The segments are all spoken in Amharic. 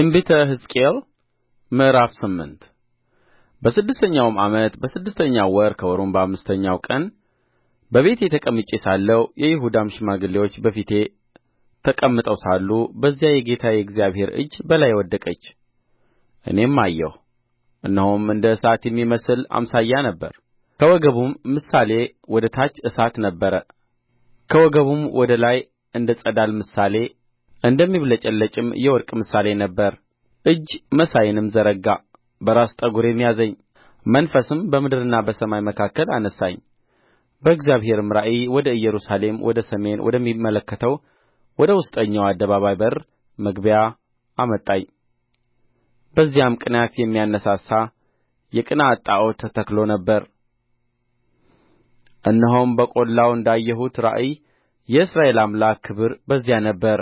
ትንቢተ ሕዝቅኤል ምዕራፍ ስምንት በስድስተኛውም ዓመት በስድስተኛው ወር ከወሩም በአምስተኛው ቀን በቤቴ ተቀምጬ ሳለሁ የይሁዳም ሽማግሌዎች በፊቴ ተቀምጠው ሳሉ በዚያ የጌታ የእግዚአብሔር እጅ በላዬ ወደቀች እኔም አየሁ እነሆም እንደ እሳት የሚመስል አምሳያ ነበረ ከወገቡም ምሳሌ ወደ ታች እሳት ነበረ ከወገቡም ወደ ላይ እንደ ፀዳል ምሳሌ እንደሚብለጨለጭም የወርቅ ምሳሌ ነበረ እጅ መሳይንም ዘረጋ በራስ ጠጕሬም ያዘኝ መንፈስም በምድርና በሰማይ መካከል አነሣኝ በእግዚአብሔርም ራእይ ወደ ኢየሩሳሌም ወደ ሰሜን ወደሚመለከተው ወደ ውስጠኛው አደባባይ በር መግቢያ አመጣኝ በዚያም ቅንዓት የሚያነሣሣ የቅንዓት ጣዖት ተተክሎ ነበር እነሆም በቈላው እንዳየሁት ራእይ የእስራኤል አምላክ ክብር በዚያ ነበረ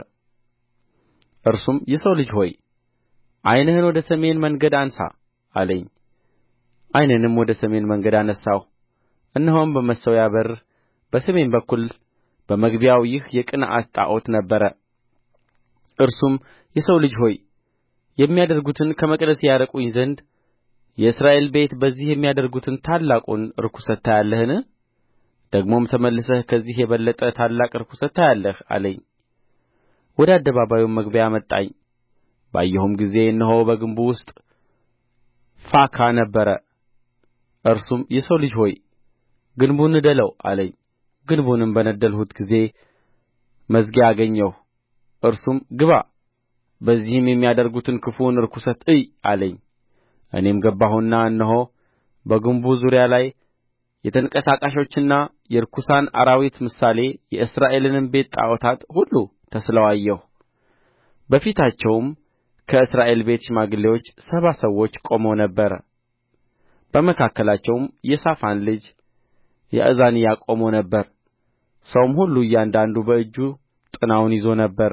እርሱም የሰው ልጅ ሆይ ዓይንህን ወደ ሰሜን መንገድ አንሣ አለኝ ዓይኔንም ወደ ሰሜን መንገድ አነሣሁ እነሆም በመሠዊያው በር በሰሜን በኩል በመግቢያው ይህ የቅንዓት ጣዖት ነበረ እርሱም የሰው ልጅ ሆይ የሚያደርጉትን ከመቅደሴ ያርቁኝ ዘንድ የእስራኤል ቤት በዚህ የሚያደርጉትን ታላቁን ርኵሰት ታያለህን ደግሞም ተመልሰህ ከዚህ የበለጠ ታላቅ ርኵሰት ታያለህ አለኝ ወደ አደባባዩም መግቢያ አመጣኝ ባየሁም ጊዜ እነሆ በግንቡ ውስጥ ፋካ ነበረ እርሱም የሰው ልጅ ሆይ ግንቡን ንደለው አለኝ ግንቡንም በነደልሁት ጊዜ መዝጊያ አገኘሁ እርሱም ግባ በዚህም የሚያደርጉትን ክፉውን ርኵሰት እይ አለኝ እኔም ገባሁና እነሆ በግንቡ ዙሪያ ላይ የተንቀሳቃሾችና የርኩሳን አራዊት ምሳሌ የእስራኤልንም ቤት ጣዖታት ሁሉ ተስለው አየሁ በፊታቸውም ከእስራኤል ቤት ሽማግሌዎች ሰባ ሰዎች ቆመው ነበር በመካከላቸውም የሳፋን ልጅ ያእዛንያ ቆሞ ነበር ሰውም ሁሉ እያንዳንዱ በእጁ ጥናውን ይዞ ነበር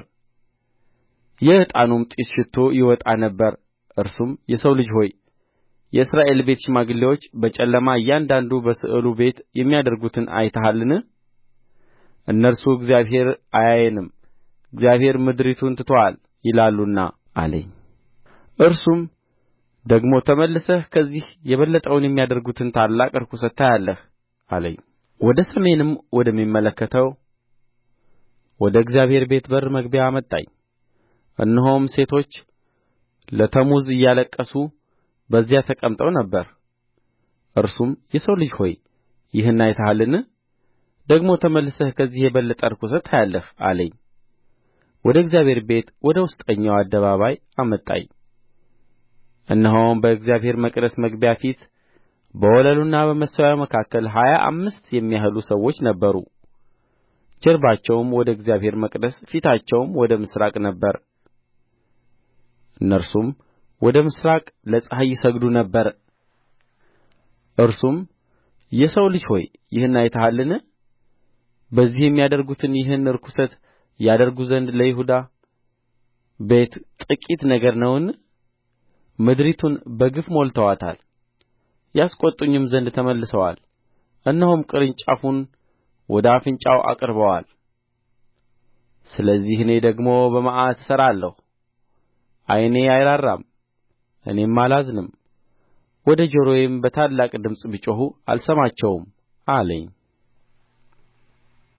የዕጣኑም ጢስ ሽቶ ይወጣ ነበር እርሱም የሰው ልጅ ሆይ የእስራኤል ቤት ሽማግሌዎች በጨለማ እያንዳንዱ በስዕሉ ቤት የሚያደርጉትን አይተሃልን እነርሱ እግዚአብሔር አያየንም እግዚአብሔር ምድሪቱን ትቶአታል ይላሉና አለኝ እርሱም ደግሞ ተመልሰህ ከዚህ የበለጠውን የሚያደርጉትን ታላቅ ርኵሰት ታያለህ አለኝ ወደ ሰሜንም ወደሚመለከተው ወደ እግዚአብሔር ቤት በር መግቢያ አመጣኝ እነሆም ሴቶች ለተሙዝ እያለቀሱ በዚያ ተቀምጠው ነበር እርሱም የሰው ልጅ ሆይ ይህን አይተሃልን ደግሞ ተመልሰህ ከዚህ የበለጠ ርኵሰት ታያለህ አለኝ ወደ እግዚአብሔር ቤት ወደ ውስጠኛው አደባባይ አመጣኝ እነሆም በእግዚአብሔር መቅደስ መግቢያ ፊት በወለሉና በመሠዊያው መካከል ሀያ አምስት የሚያህሉ ሰዎች ነበሩ ጀርባቸውም ወደ እግዚአብሔር መቅደስ ፊታቸውም ወደ ምሥራቅ ነበረ እነርሱም ወደ ምሥራቅ ለፀሐይ ይሰግዱ ነበር እርሱም የሰው ልጅ ሆይ ይህን አይተሃልን በዚህ የሚያደርጉትን ይህን ርኵሰት ያደርጉ ዘንድ ለይሁዳ ቤት ጥቂት ነገር ነውን ምድሪቱን በግፍ ሞልተዋታል ያስቈጡኝም ዘንድ ተመልሰዋል እነሆም ቅርንጫፉን ወደ አፍንጫው አቅርበዋል ስለዚህ እኔ ደግሞ በመዓት እሠራለሁ ዓይኔ አይራራም እኔም አላዝንም ወደ ጆሮዬም በታላቅ ድምፅ ቢጮኹ አልሰማቸውም አለኝ